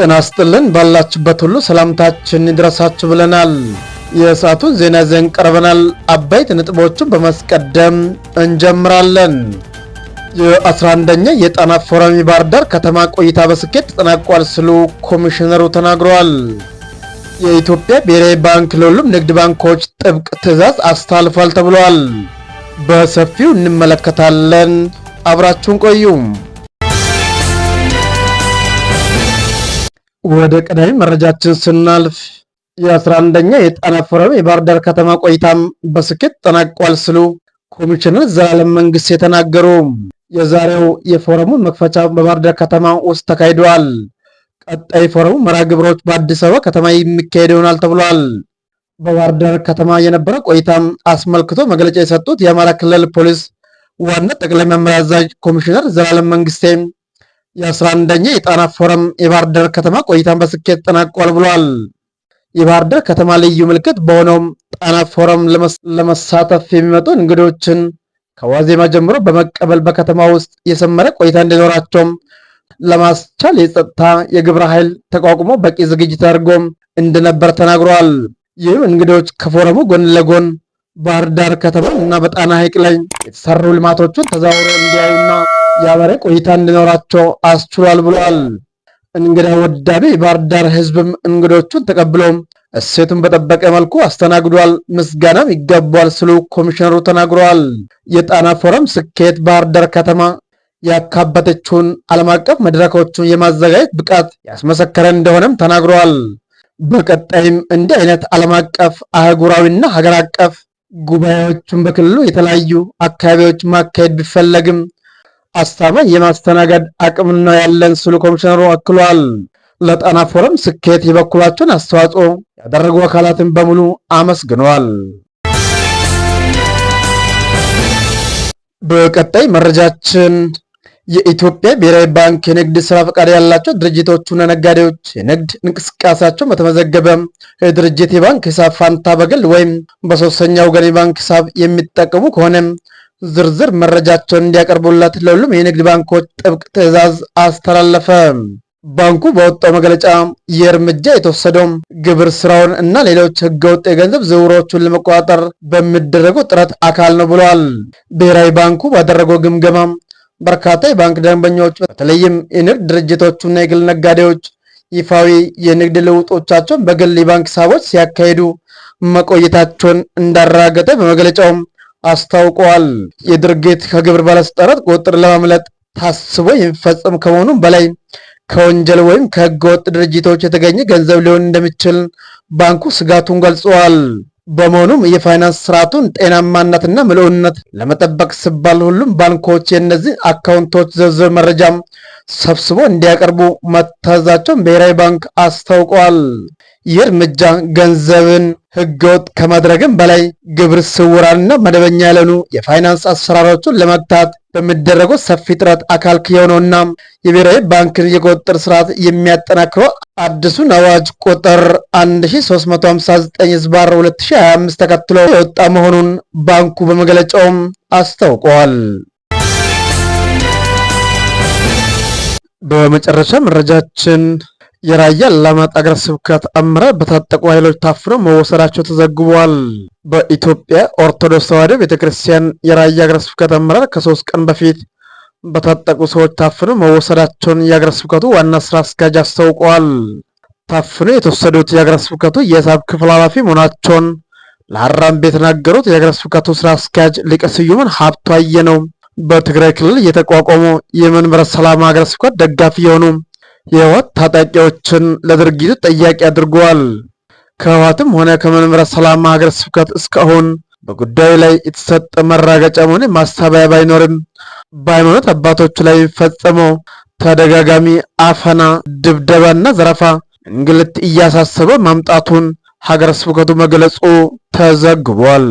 ጤና ስጥልን ባላችሁበት ሁሉ ሰላምታችን ይድረሳችሁ ብለናል። የሰዓቱን ዜና ዘን ቀርበናል። አበይት ነጥቦቹን በማስቀደም እንጀምራለን። የ11ኛ የጣና ፎረም ባህር ዳር ከተማ ቆይታ በስኬት ተጠናቋል ሲሉ ኮሚሽነሩ ተናግረዋል። የኢትዮጵያ ብሔራዊ ባንክ ለሁሉም ንግድ ባንኮች ጥብቅ ትዕዛዝ አስተላልፏል ተብሏል። በሰፊው እንመለከታለን። አብራችሁን ቆዩም ወደ ቀዳሚ መረጃችን ስናልፍ የ11ኛ የጣና ፎረም የባህር ዳር ከተማ ቆይታም በስኬት ተጠናቋል ሲሉ ኮሚሽነር ዘላለም መንግስት የተናገሩ። የዛሬው የፎረሙን መክፈቻ በባህር ዳር ከተማ ውስጥ ተካሂደዋል። ቀጣይ ፎረሙ መርሃ ግብሮች በአዲስ አበባ ከተማ የሚካሄድ ይሆናል ተብሏል። በባህር ዳር ከተማ የነበረ ቆይታም አስመልክቶ መግለጫ የሰጡት የአማራ ክልል ፖሊስ ዋና ጠቅላይ መምሪያ አዛዥ ኮሚሽነር ዘላለም መንግስቴም የአስራ ኛ የጣና ፎረም የባህር ዳር ከተማ ቆይታን በስኬት ተጠናቋል ብሏል። የባህር ዳር ከተማ ልዩ ምልክት በሆነውም ጣና ፎረም ለመሳተፍ የሚመጡ እንግዶችን ከዋዜማ ጀምሮ በመቀበል በከተማ ውስጥ የሰመረ ቆይታ እንዲኖራቸውም ለማስቻል የጸጥታ የግብረ ኃይል ተቋቁሞ በቂ ዝግጅት አድርጎም እንደነበር ተናግሯል። ይህም እንግዶች ከፎረሙ ጎን ለጎን ባህር ዳር ከተማ እና በጣና ሐይቅ ላይ የተሰሩ ልማቶችን ተዘዋውሮ እንዲያዩና ያበረ ቆይታ እንዲኖራቸው አስችሏል ብሏል። እንግዳ ወዳቤ የባህር ዳር ህዝብም እንግዶቹን ተቀብሎም እሴቱን በጠበቀ መልኩ አስተናግዷል፣ ምስጋናም ይገባዋል ስሉ ኮሚሽነሩ ተናግሯል። የጣና ፎረም ስኬት ባህር ዳር ከተማ ያካበተችውን ዓለም አቀፍ መድረኮችን የማዘጋጀት ብቃት ያስመሰከረ እንደሆነም ተናግሯል። በቀጣይም እንዲህ አይነት ዓለም አቀፍ አህጉራዊና ሀገር አቀፍ ጉባኤዎችን በክልሉ የተለያዩ አካባቢዎች ማካሄድ ቢፈለግም አስተማማኝ የማስተናገድ አቅም ነው ያለን ሲሉ ኮሚሽነሩ አክሏል። ለጣና ፎረም ስኬት የበኩላቸውን አስተዋጽኦ ያደረጉ አካላትን በሙሉ አመስግነዋል። በቀጣይ መረጃችን የኢትዮጵያ ብሔራዊ ባንክ የንግድ ስራ ፈቃድ ያላቸው ድርጅቶቹና ነጋዴዎች የንግድ እንቅስቃሴያቸው በተመዘገበ የድርጅት የባንክ ሂሳብ ፋንታ በግል ወይም በሶስተኛ ወገን የባንክ ሂሳብ የሚጠቀሙ ከሆነ ዝርዝር መረጃቸውን እንዲያቀርቡለት ለሁሉም የንግድ ባንኮች ጥብቅ ትዕዛዝ አስተላለፈ። ባንኩ በወጣው መግለጫ የእርምጃ የተወሰደው ግብር ስራውን እና ሌሎች ህገወጥ የገንዘብ ዝውውሮቹን ለመቆጣጠር በሚደረገው ጥረት አካል ነው ብሏል። ብሔራዊ ባንኩ ባደረገው ግምገማ በርካታ የባንክ ደንበኞች በተለይም የንግድ ድርጅቶቹና የግል ነጋዴዎች ይፋዊ የንግድ ልውጦቻቸውን በግል የባንክ ሂሳቦች ሲያካሂዱ መቆየታቸውን እንዳረጋገጠ በመግለጫውም አስታውቀዋል። የድርጊት ከግብር ባለስልጣናት ቁጥጥር ለማምለጥ ታስቦ የሚፈጸም ከመሆኑም በላይ ከወንጀል ወይም ከህገወጥ ድርጅቶች የተገኘ ገንዘብ ሊሆን እንደሚችል ባንኩ ስጋቱን ገልጸዋል። በመሆኑም የፋይናንስ ስርዓቱን ጤናማነትና ምልኡነት ለመጠበቅ ሲባል ሁሉም ባንኮች የእነዚህ አካውንቶች ዝርዝር መረጃም ሰብስቦ እንዲያቀርቡ መታዘዛቸውን ብሔራዊ ባንክ አስታውቀዋል። ይህ እርምጃ ገንዘብን ህገወጥ ከማድረግም በላይ ግብር ስውራንና መደበኛ ያልሆኑ የፋይናንስ አሰራሮችን ለመግታት በሚደረገው ሰፊ ጥረት አካል የሆነውና የብሔራዊ ባንክን የቁጥጥር ስርዓት የሚያጠናክረው አዲሱን አዋጅ ቁጥር 1359 ዝባር 2025 ተከትሎ የወጣ መሆኑን ባንኩ በመግለጫውም አስታውቀዋል። በመጨረሻ መረጃችን የራያ ዓላማጣ ሀገረ ስብከት አመራር በታጠቁ ኃይሎች ታፍነው መወሰዳቸው ተዘግቧል። በኢትዮጵያ ኦርቶዶክስ ተዋሕዶ ቤተክርስቲያን የራያ ሀገረ ስብከት አመራር ከሶስት ቀን በፊት በታጠቁ ሰዎች ታፍነው መወሰዳቸውን የሀገረ ስብከቱ ዋና ስራ አስኪያጅ አስታውቀዋል። ታፍነው የተወሰዱት የሀገረ ስብከቱ የሂሳብ ክፍል ኃላፊ መሆናቸውን ለአራምቤ የተናገሩት የሀገረ ስብከቱ ስራ አስኪያጅ ሊቀ ስዩምን ሀብቱ ነው። በትግራይ ክልል የተቋቋመው የመንበረ ሰላማ ሀገረ ስብከት ደጋፊ የሆኑ የህወሓት ታጣቂዎችን ለድርጊቱ ጠያቂ አድርገዋል። ከህወሓትም ሆነ ከመንበረ ሰላማ ሀገረ ስብከት እስካሁን በጉዳዩ ላይ የተሰጠ መራገጫ ሆነ ማስተባበያ ባይኖርም በሃይማኖት አባቶች ላይ የሚፈጸመው ተደጋጋሚ አፈና፣ ድብደባና ዘረፋ እንግልት እያሳሰበ ማምጣቱን ሀገረ ስብከቱ መግለጹ ተዘግቧል።